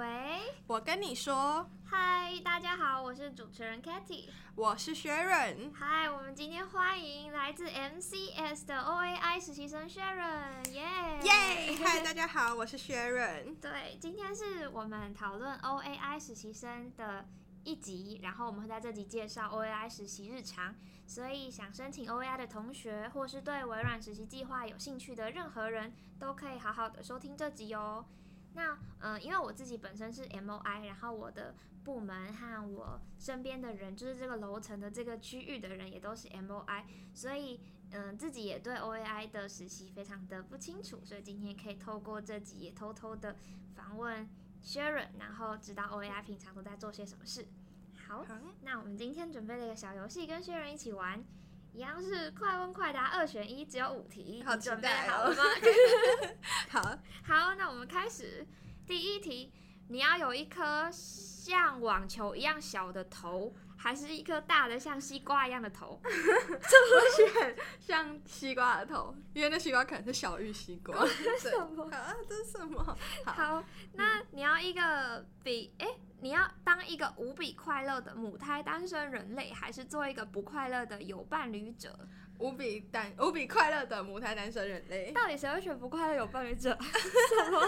喂，我跟你說，嗨，大家好，我是主持人 Kathy，我是 Sharon。嗨，我們今天歡迎來自 MCS 的 OAI 實習生 Sharon，耶、yeah，耶，嗨，大家好，我是 Sharon， 對，今天是我們討論 OAI 實習生的一集，然後我們會在這集介紹 OAI 實習日常，所以想申請 OAI 的同學，或是對微軟實習計劃有興趣的任何人都可以好好的收聽這集哦。那嗯、呃，因為我自己本身是 MOI，然後我的部門和我身邊的人，就是這個樓層的這個區域的人，也都是 MOI，所以嗯、呃，自己也對 OAI 的實習非常的不清楚，所以今天可以透過這集也偷偷的訪問 Sharon，然後知道 OAI 平常都在做些什麼事。好，那我們今天準備了一個小遊戲，跟 Sharon 一起玩。一樣是快問快答，二選一，只有五題。好，準備好了嗎？ 好好，那我們開始第一題。你要有一顆像網球一樣小的頭。還是一顆大的像西瓜一樣的頭，這不是很像西瓜的頭，因為那西瓜可能是小玉西瓜。這什麼對、啊？這是什麼好？好,那你要一個比哎、嗯，欸，你要當一個無比快樂的母胎單身人類，還是做一個不快樂的有伴侶者？無比單無比快樂的母胎單身人類，到底誰會選不快樂有伴侶者？什麼？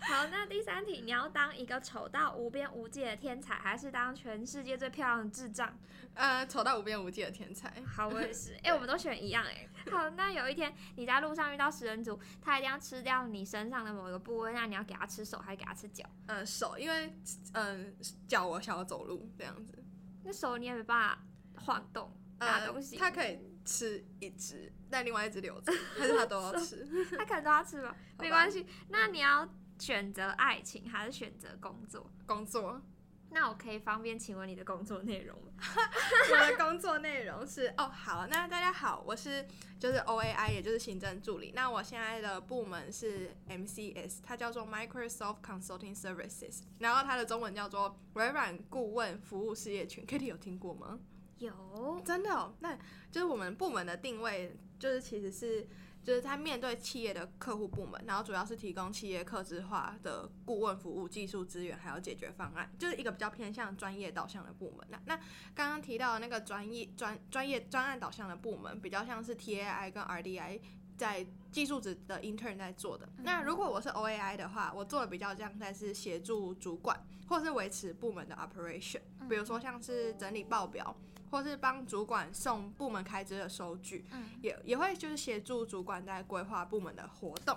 好，那第三題，你要當一個醜到無邊無際的天才，還是當全世界最漂亮的智障？呃，醜到無邊無際的天才。好，我也是。哎、欸，我們都選一樣哎。好，那有一天你在路上遇到食人族，他一定要吃掉你身上的某一個部位，那你要給他吃手還是給他吃腳？呃，手，因為呃，腳我想要走路這樣子。那手你也沒辦法晃動拿東西、呃，他可以。吃一隻，但另外一隻留着？還是他都要吃？ 他可能都要吃嗎吧，沒關係。那你要選擇愛情還是選擇工作？工作。那我可以方便請問你的工作內容嗎？ 我的工作內容是哦， oh, 好，那大家好，我是就是 OAI，也就是行政助理。那我現在的部門是 MCS，它叫做 Microsoft Consulting Services，然後它的中文叫做微軟顧問服務事業群。Kitty 有聽過嗎？有真的哦，那就是我們部門的定位，就是其實是就是在面對企業的客戶部門，然後主要是提供企業客制化的顧問服務、技術資源還有解決方案，就是一個比較偏向專業導向的部門。那那剛剛提到的那個專業專專業專案導向的部門，比較像是 TAI 跟 RDI 在技術職的 intern 在做的。那如果我是 OAI 的話，我做的比較像在是協助主管，或是維持部門的 operation，比如說像是整理報表。或是幫主管送部門開支的收據，嗯、也也會就是協助主管在規劃部門的活動，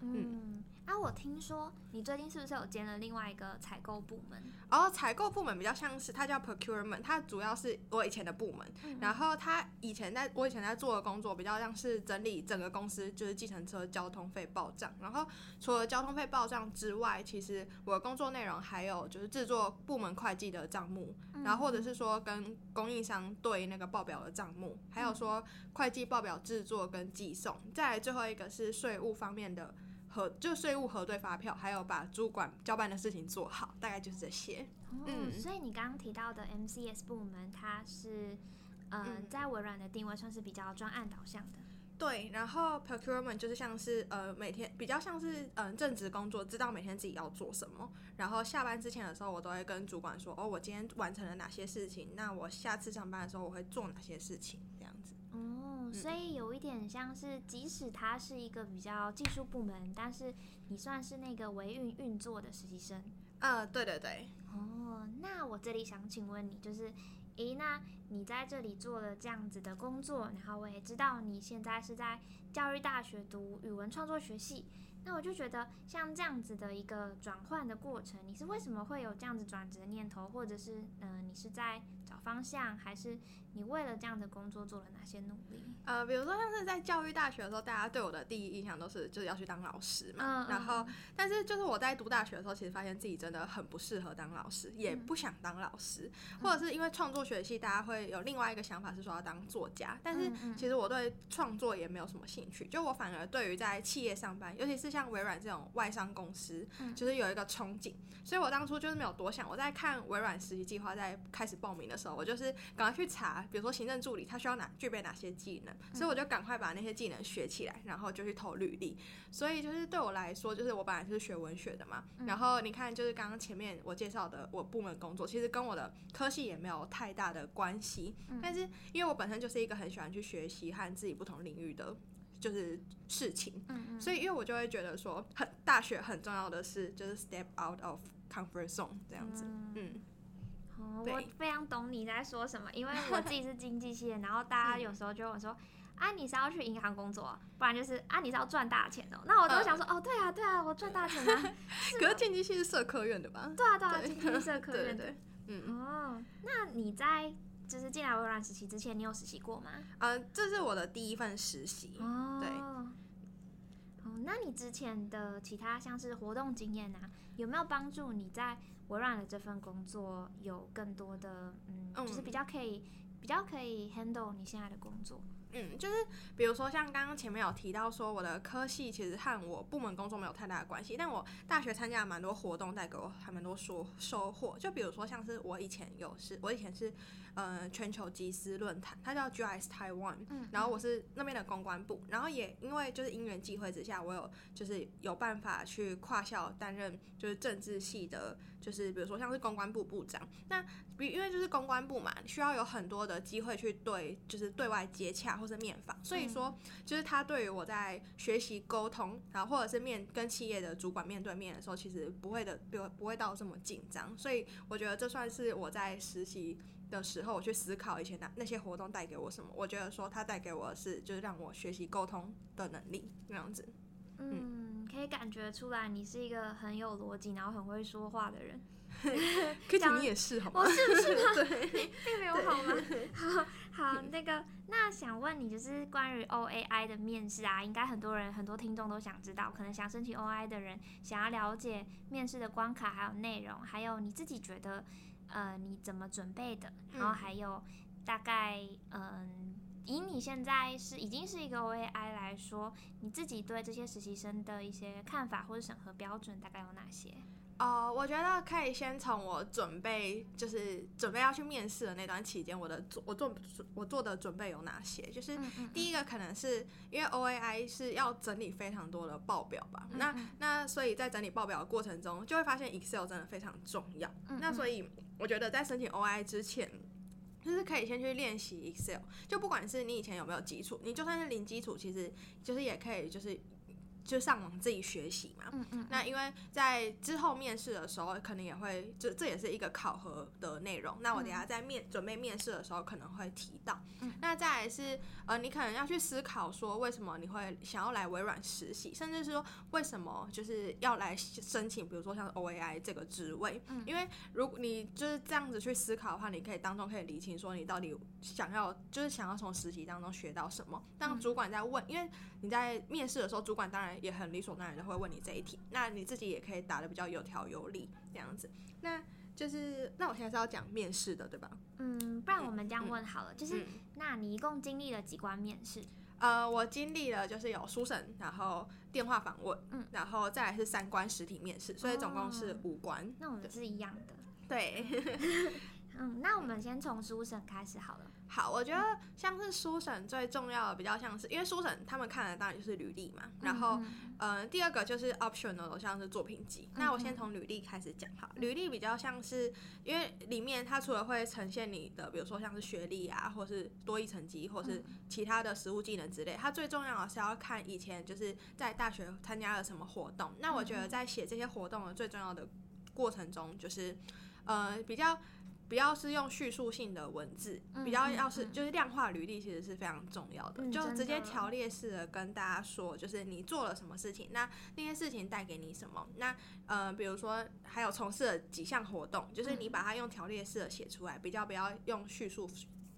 嗯。嗯啊，我聽說你最近是不是有兼了另外一個採購部門？哦，採購部門比較像是它叫 procurement，它主要是我以前的部門。嗯嗯，然後它以前在我以前在做的工作比較像是整理整個公司就是計程車交通費報賬。然後除了交通費報賬之外，其實我的工作內容還有就是製作部門會計的賬目嗯嗯，然後或者是說跟供應商對那個報表的賬目，還有說會計報表製作跟寄送。再來最後一個是稅務方面的。核，就稅務核對發票，還有把主管交辦的事情做好，大概就是這些。哦、嗯，所以你剛剛提到的 MCS 部門，它是、呃、嗯，在微軟的定位算是比較專案導向，的。對，然後 procurement 就是像是呃每天比較像是嗯、呃、正職工作，知道每天自己要做什麼。然後下班之前的時候，我都會跟主管說，哦，我今天完成了哪些事情，那我下次上班的時候我會做哪些事情，這樣子。所以有一點像是，即使他是一個比較技術部門，但是你算是那個維運運作的實習生。呃，對對對。哦，那我這裡想請問你，就是，誒、欸，那你在這裡做了這樣子的工作，然後我也知道你現在是在教育大學讀語文創作學系，那我就覺得像這樣子的一個轉換的過程，你是為什麼會有這樣子轉折的念頭，或者是，嗯、呃，你是在？找方向，還是你為了這樣的工作做了哪些努力？呃，比如說像是在教育大學的時候，大家對我的第一印象都是，就是要去當老師嘛，嗯。然後，但是就是我在讀大學的時候，其實發現自己真的很不適合當老師，也不想當老師。嗯，或者是因為創作學系，嗯，大家會有另外一個想法，是說要當作家。但是其實我對創作也沒有什麼興趣，就我反而對於在企業上班，尤其是像微軟這種外商公司，就是有一個憧憬。嗯，所以我當初就是沒有多想，我在看微軟實習計劃，在開始報名的時候。我就是趕快去查，比如說行政助理他需要哪具備哪些技能，嗯、所以我就趕快把那些技能學起來，然後就去投履歷。所以就是對我來說，就是我本來就是學文學的嘛，嗯、然後你看就是剛剛前面我介紹的我部門工作，其實跟我的科系也沒有太大的關係、嗯。但是因為我本身就是一個很喜歡去學習和自己不同領域的就是事情，所以因為我就會覺得說很，很大學很重要的是就是 step out of comfort zone 這樣子，嗯。嗯我非常懂你在說什麼，因為我自己是經濟系的， 然後大家有時候就問說：“啊，你是要去銀行工作，不然就是啊，你是要賺大錢的、喔。”那我都想說、嗯：“哦，對啊，對啊，我賺大錢啊。嗯”可是經濟系是社科院的吧？對啊，對啊，經濟系是社科院的對對對。嗯，哦，那你在就是進來微軟實習之前，你有實習過嗎？嗯，這是我的第一份實習哦。對。那你之前的其他像是活動經驗啊，有沒有幫助你在微軟的這份工作有更多的嗯，嗯，就是比較可以比較可以 handle 你現在的工作？嗯，就是比如說像剛剛前面有提到說，我的科系其實和我部門工作沒有太大的關係，但我大學參加蠻多活動，帶給我還蠻多收收穫。就比如說像是我以前有是，我以前是呃全球集思論壇，它叫 GIS Taiwan，然後我是那邊的公關部嗯嗯，然後也因為就是因緣際會之下，我有就是有辦法去跨校擔任就是政治系的。就是比如說像是公關部部長，那比因為就是公關部嘛，需要有很多的機會去對就是對外接洽或是面訪，所以說就是他對於我在學習溝通，然後或者是面跟企業的主管面對面的時候，其實不會的比如不會到這麼緊張，所以我覺得這算是我在實習的時候，我去思考以前的那些活動帶給我什麼。我覺得說他帶給我的是就是讓我學習溝通的能力那樣子。嗯，可以感覺出來，你是一個很有邏輯，然後很會說話的人。可 這樣 你也是，好嗎？我、哦、是不是嗎？並 對笑 沒有好嗎？好，好，那個，那想問你，就是關於 OAI 的面試啊，應該很多人，很多聽眾都想知道，可能想申請 OAI 的人，想要了解面試的關卡，還有內容，還有你自己覺得，呃，你怎麼準備的？然後還有大概，呃、嗯。以你現在是已經是一個 OAI 來說，你自己對這些實習生的一些看法或者審核標準大概有哪些？哦、uh，我覺得可以先從我準備，就是準備要去面試的那段期間，我的做我做我做的準備有哪些？就是第一個可能是因為 OAI 是要整理非常多的報表吧，uh -huh. 那那所以在整理報表的過程中，就會發現 Excel 真的非常重要。Uh -huh. 那所以我覺得在申請 OAI 之前。就是可以先去練習 Excel，就不管是你以前有沒有基礎，你就算是零基礎，其實就是也可以，就是。就上網自己學習嘛。嗯嗯。那因為在之後面試的時候，可能也會這這也是一個考核的內容。那我等下在面、嗯、準備面試的時候，可能會提到。嗯、那再來是呃，你可能要去思考說，為什麼你會想要來微軟實習，甚至是說為什麼就是要來申請，比如說像 OAI 這個職位。嗯。因為如果你就是這樣子去思考的話，你可以當中可以理清說，你到底想要就是想要從實習當中學到什麼。當主管在問，嗯、因為你在面試的時候，主管當然。也很理所當然的會問你這一題，那你自己也可以答得比較有條有理這樣子。那就是那我現在是要講面試的，對吧？嗯，不然我們這樣問好了，嗯、就是、嗯、那你一共經歷了幾關面試？呃，我經歷了就是有書審，然後電話訪問，嗯，然後再來是三關實體面試，所以總共是五關。哦，那我們是一樣的，對。 嗯，那我們先從書審開始好了。好，我覺得像是書審最重要的比較像是，因為書審他們看的當然就是履歷嘛、嗯。然後、呃，嗯，第二個就是 optional，像是作品集、嗯。那我先從履歷開始講哈。履歷比較像是，因為裡面它除了會呈現你的，比如說像是學歷啊，或是多益成績或是其他的實務技能之類、嗯，它最重要的是要看以前就是在大學參加了什麼活動。嗯、那我覺得在寫這些活動的最重要的過程中，就是。呃，比較不要是用敘述性的文字，嗯、比較要是、嗯、就是量化履歷其實是非常重要的，嗯、就直接條列式的跟大家說，就是你做了什麼事情，那那些事情帶給你什麼，那呃，比如說還有從事了幾項活動，就是你把它用條列式的寫出來、嗯，比較不要用敘述，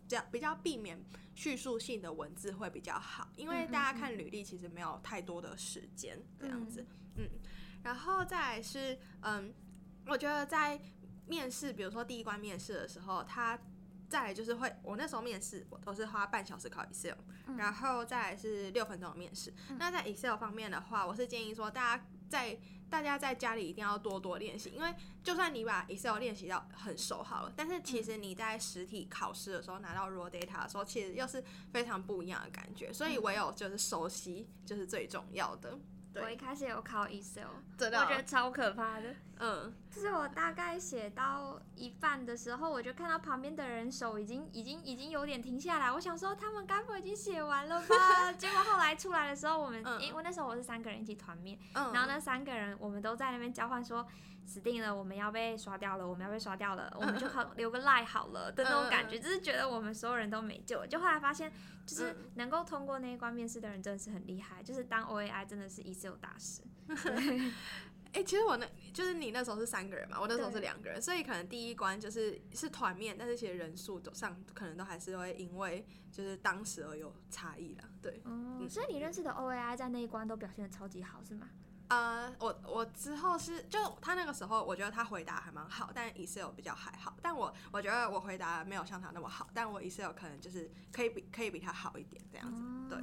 這樣比較避免敘述性的文字會比較好，因為大家看履歷其實沒有太多的時間、嗯、這樣子嗯，嗯，然後再來是嗯，我覺得在。面試，比如說第一關面試的時候，他再來就是會，我那時候面試，我都是花半小時考 Excel，然後再來是六分鐘的面試。那在 Excel 方面的話，我是建議說大家在大家在家裡一定要多多練習，因為就算你把 Excel 練習到很熟好了，但是其實你在實體考試的時候拿到 raw data 的時候，其實又是非常不一樣的感覺，所以唯有就是熟悉就是最重要的。我一開始有考 Excel，喔啊、我覺得超可怕的。嗯，就是我大概寫到一半的時候，我就看到旁邊的人手已經、已經、已經有點停下來。我想說他們該不會已經寫完了吧？ 結果後來出來的時候，我們，嗯、因為我那時候我是三個人一起團面、嗯，然後那三個人我們都在那邊交換說。死定了，我們要被刷掉了，我們要被刷掉了，我們就好、嗯、留個賴好了的那種感覺、嗯，就是覺得我們所有人都沒救了。就後來發現，就是能夠通過那一關面試的人真的是很厲害，就是當 OAI 真的是一字有大師。對，哎、欸，其實我那就是你那時候是三個人嘛，我那時候是兩個人，所以可能第一關就是是團面，但是其實人數上可能都還是會因為就是當時而有差異啦。對、哦，所以你認識的 OAI 在那一關都表現得超級好，是嗎？呃，我我之後是就他那個時候，我覺得他回答還蠻好，但以色 l 比較還好，但我我覺得我回答沒有像他那麼好，但我以色 l 可能就是可以比可以比他好一點這樣子。哦，對，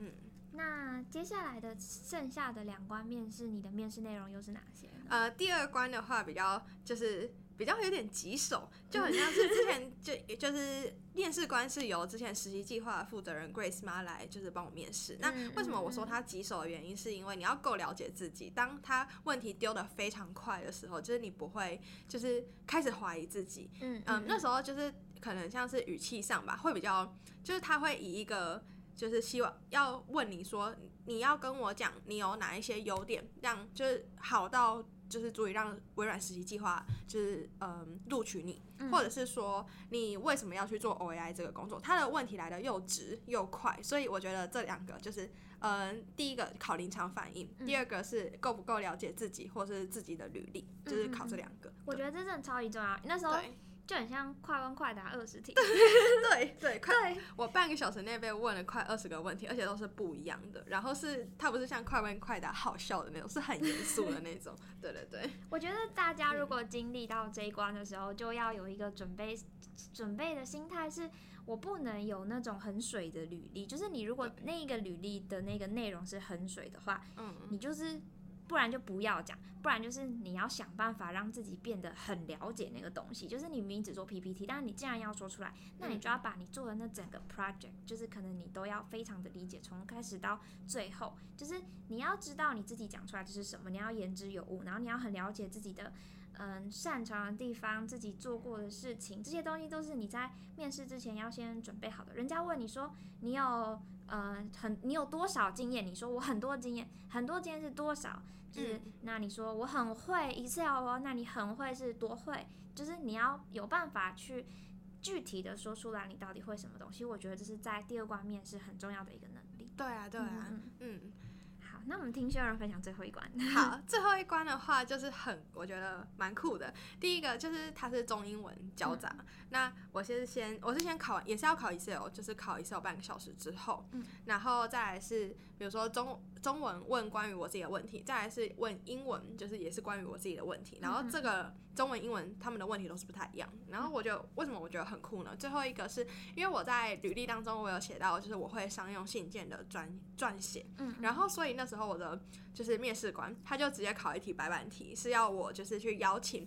嗯，那接下來的剩下的兩關面試，你的面試內容又是哪些？呃，第二關的話比較就是。比較有點棘手，就很像是之前就 就是面試官是由之前實習計劃負責人 Grace 媽來就是幫我面試。那為什麼我說她棘手的原因，是因為你要夠了解自己。當她問題丟得非常快的時候，就是你不會就是開始懷疑自己。嗯、 um, 那時候就是可能像是語氣上吧，會比較就是她會以一個就是希望要問你說，你要跟我講你有哪一些優點，這樣就是好到。就是足以讓微軟實習計劃就是嗯錄取你，或者是說你為什麼要去做 OAI 這個工作？它的問題來的又直又快，所以我覺得這兩個就是嗯、呃，第一個考臨場反應、嗯，第二個是夠不夠了解自己或是自己的履歷，就是考這兩個。我覺得這真的超級重要。那時候對。就很像快問快答二十題 對，對對快對。我半個小時內被問了快二十個問題，而且都是不一樣的。然後是它不是像快問快答好笑的那種，是很嚴肅的那種。 對對對，我覺得大家如果經歷到這一關的時候，就要有一個準備準備的心態，是我不能有那種很水的履歷。就是你如果那個履歷的那個內容是很水的話，嗯，你就是。不然就不要講，不然就是你要想辦法讓自己變得很了解那個東西。就是你明明只做 PPT，但是你既然要說出來，那你就要把你做的那整個 project，就是可能你都要非常的理解，從開始到最後，就是你要知道你自己講出來的是什麼，你要言之有物，然後你要很了解自己的嗯擅長的地方，自己做過的事情，這些東西都是你在面試之前要先準備好的。人家問你說你有。呃，很，你有多少經驗？你說我很多經驗，很多經驗是多少？就是、嗯、那你說我很會 Excel，那你很會是多會？就是你要有辦法去具體的說出來，你到底會什麼東西？我覺得這是在第二關面試很重要的一個能力。對啊，對啊，嗯。嗯嗯那我們聽 Sharon 分享最後一關。好，嗯，最後一關的話就是很，我覺得蠻酷的。第一個就是它是中英文交雜、嗯。那我先是先，我是先考，也是要考 Excel，就是考 Excel 半個小時之後，嗯、然後再來是，比如說中中文問關於我自己的問題，再來是問英文，就是也是關於我自己的問題。然後這個中文、英文他們的問題都是不太一樣。然後我就，為什麼我覺得很酷呢？最後一個是因為我在履歷當中我有寫到，就是我會商用信件的撰撰寫。嗯。然後所以那時候我的就是面試官他就直接考一題白板題，是要我就是去邀請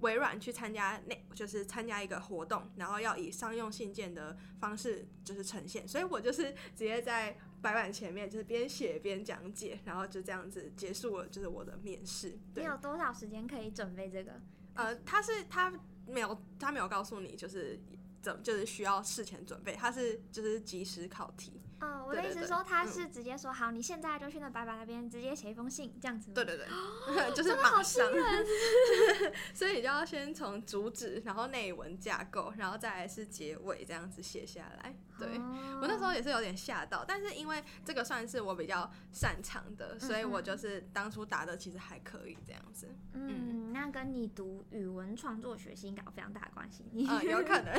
微軟去參加那就是參加一個活動，然後要以商用信件的方式就是呈現。所以我就是直接在。白板前面就是邊寫邊講解，然後就這樣子結束了，就是我的面試。你有多少時間可以準備這個？呃，他是他沒有他沒有告訴你，就是怎就是需要事前準備，他是就是即時考題。哦，我的意思是說他是直接說好，對對對嗯、你現在就去那爸爸那邊直接寫一封信，這樣子。對對對，哦、 就是馬上。這個、 所以你就要先從主旨，然後內文架構，然後再來是結尾，這樣子寫下來。對、哦、我那時候也是有點嚇到，但是因為這個算是我比較擅長的，所以我就是當初答的其實還可以這樣子。嗯,嗯,嗯,嗯，那跟你讀語文創作學習應該有非常大的關係。啊、嗯， 有可能。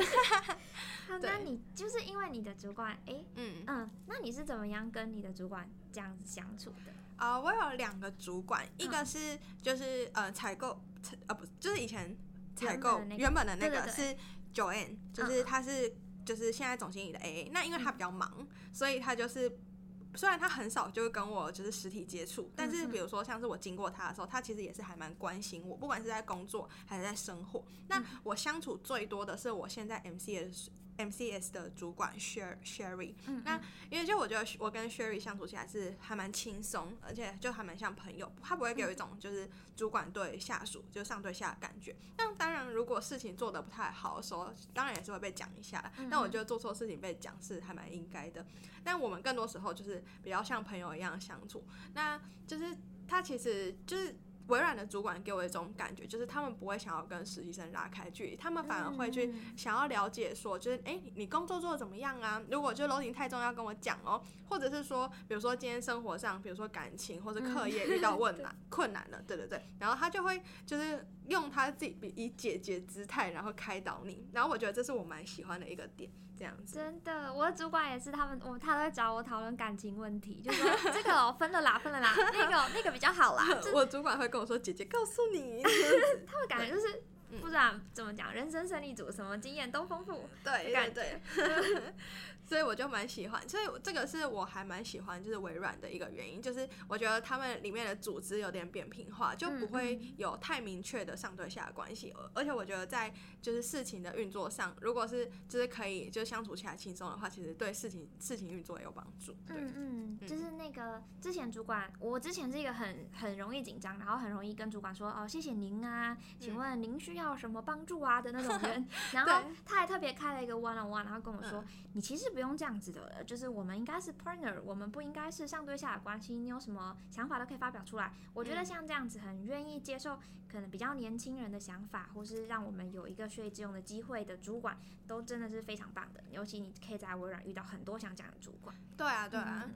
那你就是因為你的主管哎、欸，嗯嗯。那你是怎麼樣跟你的主管這樣子相處的？啊、呃，我有兩個主管，一個是就是呃採購，呃，呃不就是以前採購，那個，原本的那個是 Joanne，對對對，就是他是，嗯就是，是就是現在總經理的 AA。那因為他比較忙，嗯，所以他就是雖然他很少就會跟我就是實體接觸，但是比如說像是我經過他的時候，他其實也是還蠻關心我，不管是在工作還是在生活。嗯，那我相處最多的是我現在 MCS。MCS 的主管 Sher, Sherry，嗯嗯，那因為就我覺得我跟 Sherry 相處起來是還蠻輕鬆，而且就還蠻像朋友，他不會給我一種就是主管對下屬就上對下的感覺。那當然，如果事情做得不太好的時候，說當然也是會被講一下，嗯嗯，但我覺得做錯事情被講是還蠻應該的。但我們更多時候就是比較像朋友一樣相處。那就是他其實就是。微軟的主管給我一種感覺，就是他們不會想要跟實習生拉開距離，他們反而會去想要了解說，說就是哎、欸，你工作做得怎麼樣啊？如果就樓頂太重要，跟我講哦。或者是說，比如說今天生活上，比如說感情或者課業遇到、啊嗯、困難 困難了，對對對，然後他就會就是用他自己以姐姐姿態，然後開導你。然後我覺得這是我蠻喜歡的一個點。這樣子真的，我的主管也是，他們我他都會找我討論感情問題，就是、說這個分了啦，分了啦， 那個那個比較好啦。我主管會跟我說：“姐姐，告訴你。 ”他們感覺就是、嗯、不知道怎麼講，人生勝利組，什麼經驗都豐富的感覺。對對對。 所以我就蠻喜歡，所以這個是我還蠻喜歡，就是微軟的一個原因，就是我覺得他們裡面的組織有點扁平化，就不會有太明確的上對下的關係。而、嗯嗯、而且我覺得在就是事情的運作上，如果是就是可以就相處起來輕鬆的話，其實對事情事情運作也有幫助。對、嗯嗯、嗯，就是那個之前主管，我之前是一個很很容易緊張，然後很容易跟主管說哦謝謝您啊，嗯，請問您需要什麼幫助啊的那種人。 然後他還特別開了一個 one on one，然後跟我說，嗯、你其實。不用這樣子的，就是我們應該是 partner，我們不應該是上對下的關係。你有什麼想法都可以發表出來。我覺得像這樣子很願意接受，可能比較年輕人的想法，或是讓我們有一個學以致用的機會的主管，都真的是非常棒的。尤其你可以在微軟遇到很多像這樣的主管。對啊，對啊、嗯。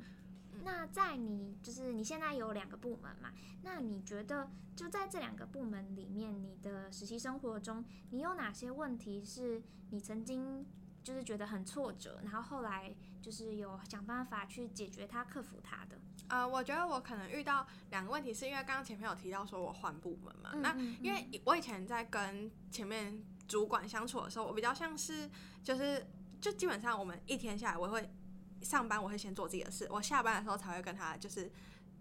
那在你就是你現在有兩個部門嘛？那你覺得就在這兩個部門裡面，你的實習生活中，你有哪些問題是你曾經？就是覺得很挫折，然後後來就是有想辦法去解決它、克服它的。呃，我覺得我可能遇到兩個問題，是因為剛剛前面有提到說我換部門嘛，嗯嗯嗯，那因為我以前在跟前面主管相處的時候，我比較像是就是就基本上我們一天下來，我會上班，我會先做自己的事，我下班的時候才會跟他就是，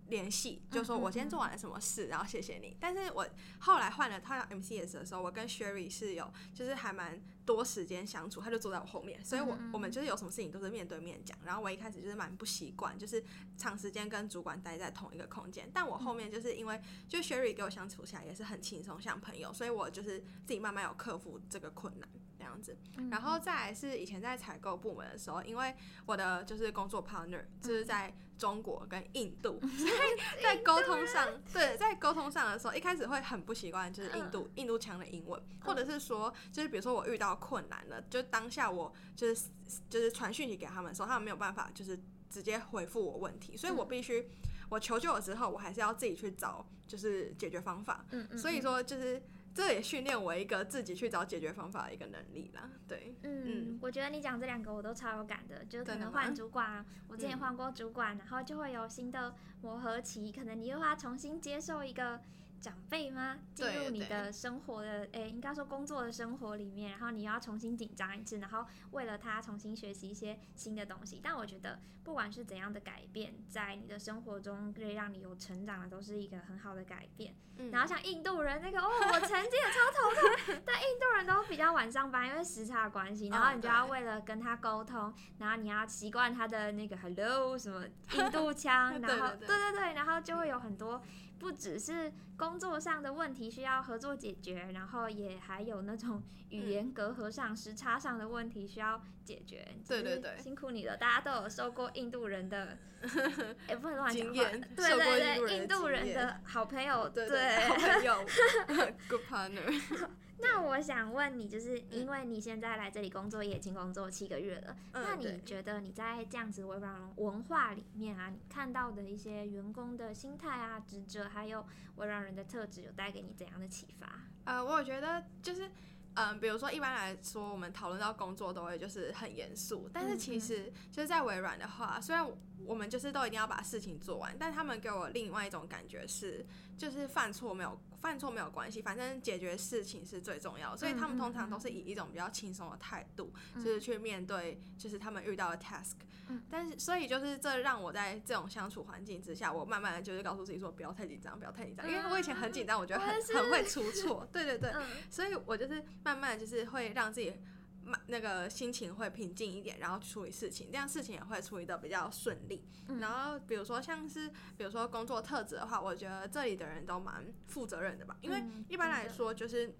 聯繫就說我今天做完了什麼事，嗯、然後謝謝你。但是我後來換了他 MCS 的時候，我跟 Sherry 是有就是還蠻多時間相處，他就坐在我後面，所以我、嗯、我們就是有什麼事情都是面對面講。然後我一開始就是蠻不習慣，就是長時間跟主管待在同一個空間。但我後面就是因為、嗯、就 Sherry 給我相處起來也是很輕鬆，像朋友，所以我就是自己慢慢有克服這個困難這樣子。然後再來是以前在採購部門的時候，因為我的就是工作 partner 就是在、嗯。中國跟印度 在溝通上，對，在溝通上的時候，一開始會很不習慣，就是印度、嗯、印度腔的英文，或者是說，就是比如說我遇到困難了，就當下我就是就是傳訊息給他們的時候，他們沒有辦法就是直接回復我問題，所以我必須、嗯、我求救了之後，我還是要自己去找就是解決方法，嗯嗯嗯所以說就是。這也訓練我一個自己去找解決方法的一個能力啦，對。嗯，嗯，我覺得你講這兩個我都超有感的，就是可能換主管，我之前換過主管，嗯，然後就會有新的磨合期，可能你又要重新接受一個。長輩嗎？進入你的生活的，的誒、欸，應該說工作的生活裡面，然後你又要重新緊張一次，然後為了他重新學習一些新的東西。但我覺得，不管是怎樣的改變，在你的生活中可以讓你有成長的，都是一個很好的改變。嗯。然後像印度人那個，哦，我曾經也超頭痛， 但印度人都比較晚上班，因為時差關係，然後你就要為了跟他溝通、oh,，然後你要習慣他的那個 hello 什麼印度腔， 然後對對對， 然後就會有很多。不只是工作上的問題需要合作解決，然後也還有那種語言隔閡上、嗯、時差上的問題需要解決。對對對，辛苦你了，大家都有受過印度人的，也、 欸、不能亂講話。對對對印，印度人的好朋友，對好朋友，good partner 。那我想問你，就是因為你現在來這裡工作也已經工作七個月了，嗯，那你覺得你在這樣子微軟文化裡面啊，你看到的一些員工的心態啊、職責，還有微軟人的特質，有帶給你怎樣的啟發？呃，我覺得就是，嗯、呃，比如說一般來說，我們討論到工作都會就是很嚴肅，但是其實就是在微軟的話，雖然我。我們就是都一定要把事情做完，但他們給我另外一種感覺是，就是犯錯沒有，犯錯沒有關係，反正解決事情是最重要的。所以他們通常都是以一種比較輕鬆的態度，嗯，就是去面對就是他們遇到的 task，嗯。但是所以就是這讓我在這種相處環境之下，我慢慢的就是告訴自己說不要太緊張，不要太緊張，嗯，因為我以前很緊張，我覺得很很會出錯，嗯。對對對，嗯，所以我就是慢慢就是會讓自己。那個心情會平靜一點，然後處理事情，這樣事情也會處理得比較順利，嗯。然後比如說像是，比如說工作特質的話，我覺得這裡的人都蠻負責任的吧，因為一般來說就是。嗯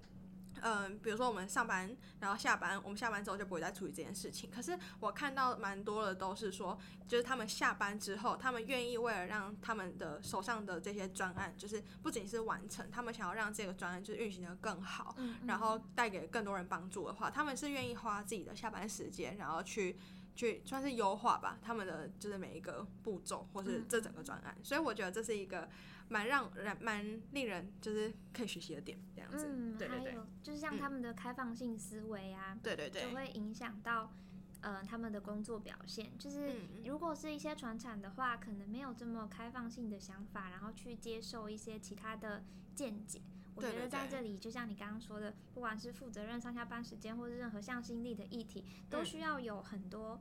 嗯、呃，比如說我們上班，然後下班，我們下班之後就不會再處理這件事情。可是我看到蠻多的都是說，就是他們下班之後，他們願意為了讓他們的手上的這些專案，就是不僅是完成，他們想要讓這個專案就是運行得更好，然後帶給更多人幫助的話，他們是願意花自己的下班時間，然後去去算是優化吧，他們的就是每一個步驟或是這整個專案。所以我覺得這是一個。蠻讓人蠻令人就是可以學習的點這樣子，嗯、對對對，還有就是像他們的開放性思維啊、嗯，對對對，就會影響到呃他們的工作表現。就是、嗯、如果是一些傳產的話，可能沒有這麼開放性的想法，然後去接受一些其他的見解。我覺得在這裡，對對對，就像你剛剛說的，不管是負責任上下班時間，或者任何向心力的議題，都需要有很多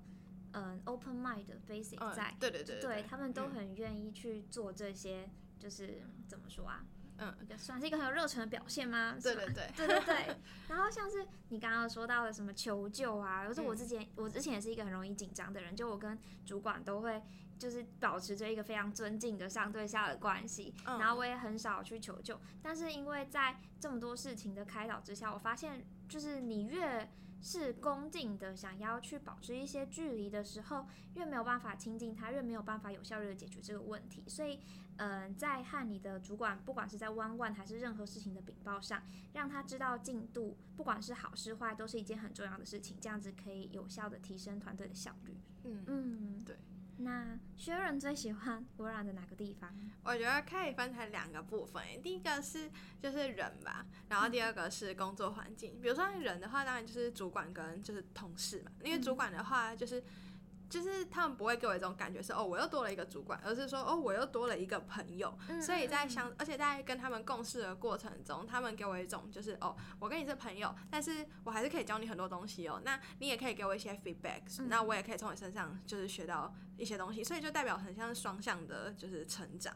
嗯 open mind facing 在、嗯，對對，對，對，對他們都很願意去做這些。嗯就是怎麼說啊？嗯，算是一個很有熱忱的表現嗎？對對對， 對對、對 然後像是你剛剛說到的什麼求救啊，就、嗯、我之前我之前也是一個很容易緊張的人，就我跟主管都會就是保持着一個非常尊敬的上對下的關係、嗯，然後我也很少去求救。但是因為在這麼多事情的開導之下，我發現就是你越是恭敬的，想要去保持一些距離的時候，越沒有辦法親近他，越沒有辦法有效率的解決這個問題。所以，嗯、呃，在和你的主管，不管是在 one-one 還是任何事情的稟報上，讓他知道進度，不管是好是壞，都是一件很重要的事情。這樣子可以有效的提升團隊的效率。嗯嗯，對。那 Sharon 最喜歡國人的哪個地方？我覺得可以分成兩個部分。第一個是就是人吧，然後第二個是工作環境，嗯。比如說人的話，當然就是主管跟就是同事嘛，因為主管的話就是。嗯就是他們不會給我一種感覺是哦我又多了一個主管，而是說哦我又多了一個朋友，嗯嗯嗯。所以在相，而且在跟他們共事的過程中，他們給我一種就是哦我跟你是朋友，但是我還是可以教你很多東西哦。那你也可以給我一些 feedback，嗯，那我也可以從你身上就是學到一些東西。所以就代表很像是雙向的，就是成長。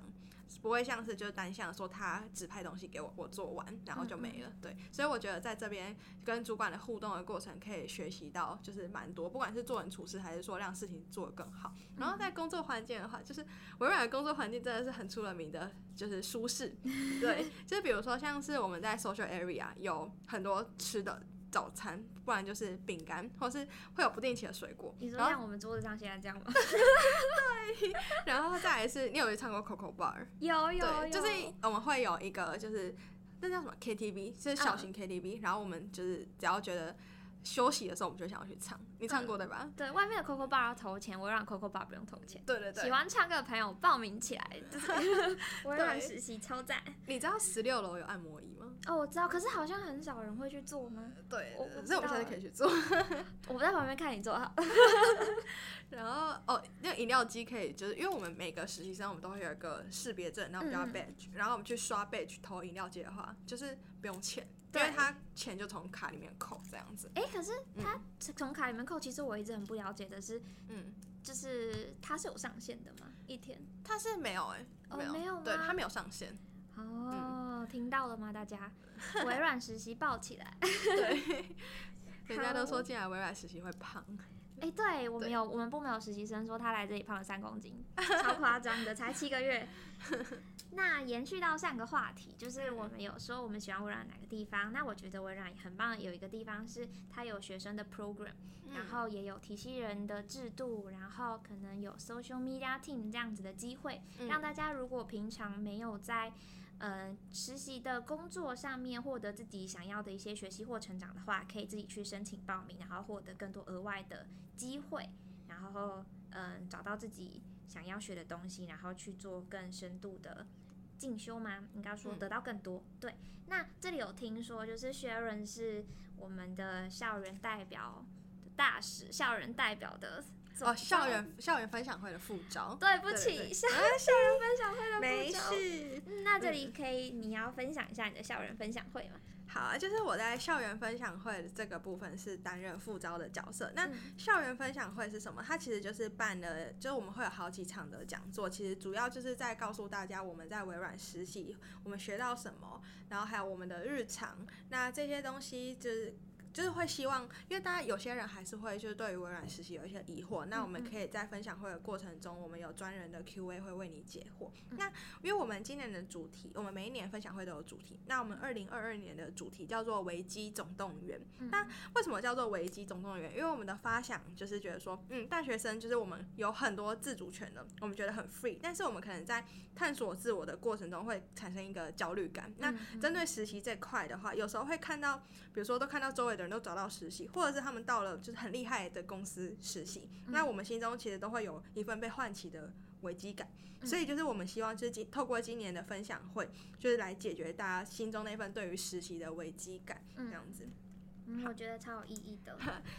不會像是就是單向說他指派東西給我，我做完然後就沒了。嗯嗯。對，所以我覺得在這邊跟主管的互動的過程，可以學習到就是蠻多，不管是做人處事還是說讓事情做得更好。嗯。然後在工作環境的話，就是微軟的工作環境真的是很出了名的，就是舒適。對，就是比如說像是我們在 social area 有很多吃的。早餐，不然就是餅乾，或是會有不定期的水果。你說像我們桌子上現在這樣嗎？ 對，然後再來是你有沒有唱過 Coco Bar？有有有，就是我們會有一個就是那叫什麼 KTV，就是小型 KTV，嗯，然後我們就是只要覺得。休息的時候我們就想要去唱，你唱過、嗯、對吧？對，外面的 COCO Bar 要投錢，我讓 COCO Bar 不用投錢。對對對，喜歡唱歌的朋友報名起來，就 我也實習，超讚。你知道十六樓有按摩椅嗎？哦，我知道，可是好像很少人會去做嗎？對，我知道，所以我現在可以去做。我不在旁邊看你做。 然後哦，那個飲料機可以，就是因為我們每個實習生我們都會有一個識別證，然後我們叫它 badge，、嗯、然後我們去刷 badge 投飲料機的話，就是不用錢。對，因為他錢就從卡裡面扣這樣子，哎、欸，可是他從卡裡面扣，其實我一直很不了解的是，嗯，就是他是有上限的嗎？嗯、一天他是沒有哎、欸，沒有，哦、沒有，對他沒有上限。哦，嗯、聽到了嗎？大家微軟實習爆起來， 對，人家都說進來微軟實習會胖。誒、欸，對我們有，我們部門有實習生說他來這裡胖了三公斤，超誇張的， 才七個月。 那延續到上個話題，就是我們有說我們喜歡微軟哪個地方？那我覺得微軟很棒，有一個地方是它有學生的 program，、嗯、然後也有提攜新人的制度，然後可能有 social media team 這樣子的機會，嗯、讓大家如果平常沒有在嗯、呃，實習的工作上面獲得自己想要的一些學習或成長的話，可以自己去申請報名，然後獲得更多額外的機會，然後嗯、呃，找到自己想要學的東西，然後去做更深度的進修嗎？應該說得到更多。嗯、對，那這裡有聽說，就是 Sharon 是我們的校園代表的大使，校園代表的。哦，校園校園分享會的副招，對不起，對對對啊，校園分享會的副招，沒事。那這裡可以，你要分享一下你的校園分享會嗎？好啊，就是我在校園分享會的這個部分是擔任副招的角色。那校園分享會是什麼？它其實就是辦了，就是我們會有好幾場的講座，其實主要就是在告訴大家我們在微軟實習我們學到什麼，然後還有我們的日常。那這些東西就是。就是會希望，因為大家有些人還是會就是對於微軟實習有一些疑惑，那我們可以在分享會的過程中，我們有專人的 Q&A 會為你解惑。那因為我們今年的主題，我們每一年分享會都有主題，那我們二零二二年的主題叫做“危機總動員”。那為什麼叫做“危機總動員”？因為我們的發想就是覺得說，嗯，大學生就是我們有很多自主權的，我們覺得很 free，但是我們可能在探索自我的過程中會產生一個焦慮感。那針對實習這塊的話，有時候會看到，比如說都看到周圍的。人都找到實習，或者是他們到了就是很厲害的公司實習、嗯，那我們心中其實都會有一份被喚起的危機感、嗯。所以就是我們希望，就是今透過今年的分享會，就是來解決大家心中那份對於實習的危機感。這樣子，嗯、我覺得超有意義的。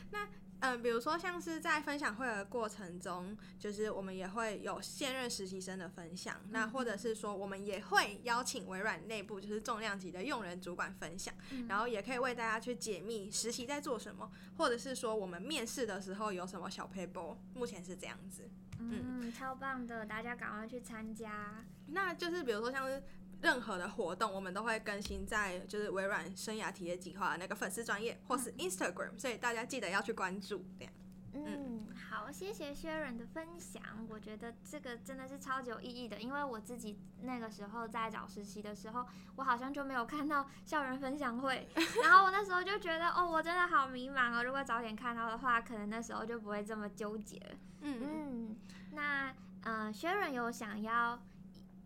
嗯、呃，比如說像是在分享會的過程中，就是我們也會有現任實習生的分享、嗯，那或者是說我們也會邀請微軟內部就是重量級的用人主管分享，嗯、然後也可以為大家去解密實習在做什麼，或者是說我們面試的時候有什麼小 paper，目前是這樣子。嗯，嗯，超棒的，大家趕快去參加。那就是比如說像是。任何的活動，我們都會更新在就是微軟生涯體驗計劃那個粉絲專頁或是 Instagram，嗯、所以大家記得要去關注。這樣，嗯，好，謝謝 Sharon 的分享，我覺得這個真的是超級有意義的，因為我自己那個時候在找實習的時候，我好像就沒有看到校園分享會，然後我那時候就覺得 哦，我真的好迷茫哦，如果早點看到的話，可能那時候就不會這麼糾結。嗯，嗯，那呃，Sharon 有想要。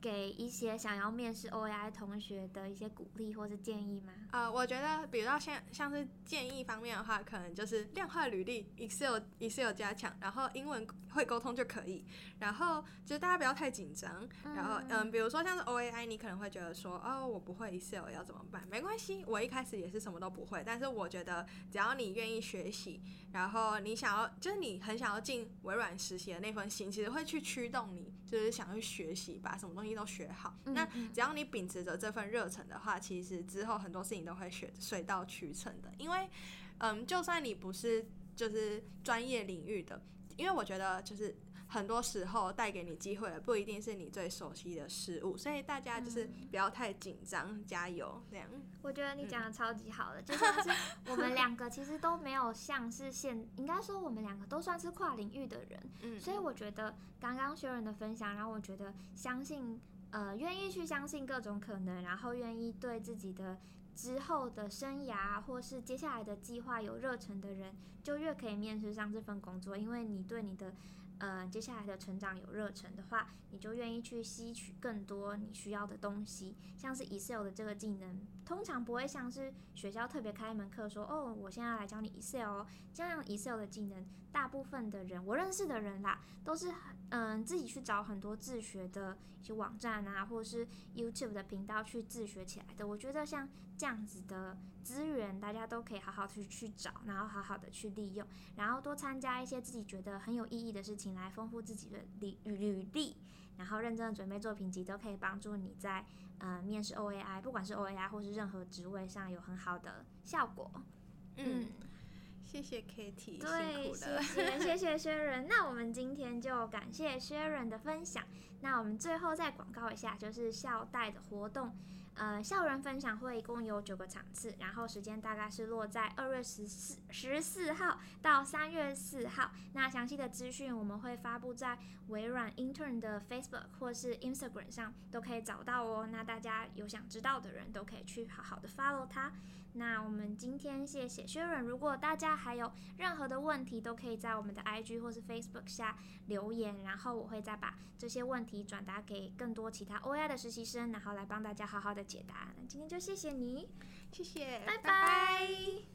給一些想要面試 OAI 同學的一些鼓勵或是建議嗎？呃，我覺得，比如說像像是建議方面的話，可能就是量化履歷，Excel Excel 加強，然後英文會溝通就可以，然後就是大家不要太緊張，然後嗯,嗯，比如說像是 OAI，你可能會覺得說，哦，我不會 Excel 要怎麼辦？沒關係，我一開始也是什麼都不會，但是我覺得只要你願意學習，然後你想要就是你很想要進微軟實習的那份心，其實會去驅動你，就是想要去學習把什麼東西。你都學好，那只要你秉持着這份熱忱的話，其實之後很多事情都會學水到渠成的。因為，嗯，就算你不是就是專業領域的，因為我覺得就是。很多時候帶給你機會的不一定是你最熟悉的事物，所以大家就是不要太緊張、嗯，加油這樣。我覺得你講的超級好的，嗯、就是我們兩個其實都沒有像是現， 應該說我們兩個都算是跨領域的人，嗯，所以我覺得剛剛 Sharon 的分享讓我覺得，相信呃，願意去相信各種可能，然後願意對自己的之後的生涯或是接下來的計劃有熱忱的人，就越可以面試上這份工作，因為你對你的。呃，接下來的成長有熱忱的話，你就願意去吸取更多你需要的東西，像是 Excel 的這個技能。通常不會像是學校特別開一門課說哦，我現在要來教你 Excel 哦。這樣 Excel 的技能，大部分的人，我認識的人啦，都是嗯、呃、自己去找很多自學的一些網站啊，或是 YouTube 的頻道去自學起來的。我覺得像這樣子的資源，大家都可以好好去去找，然後好好的去利用，然後多參加一些自己覺得很有意義的事情來豐富自己的履履歷，然後認真的準備作品集，都可以幫助你在呃面試 OAI，不管是 OAI 或是。任何職位上有很好的效果。嗯，嗯謝謝 Kitty，辛苦了。謝謝，謝謝薛 那我們今天就感謝薛 n 的分享。那我們最後再廣告一下，就是校貸的活動。呃，校園分享會一共有九個場次，然後時間大概是落在二月十四十四號到三月四號。那詳細的資訊我們會發布在微軟 Intern 的 Facebook 或是 Instagram 上，都可以找到哦。那大家有想知道的人都可以去好好的 follow 它。那我們今天謝謝 Sharon。如果大家還有任何的問題，都可以在我們的 IG 或是 Facebook 下留言，然後我會再把這些問題轉達給更多其他 OAI 的實習生，然後來幫大家好好的解答。那今天就謝謝你，謝謝，bye bye, 拜拜。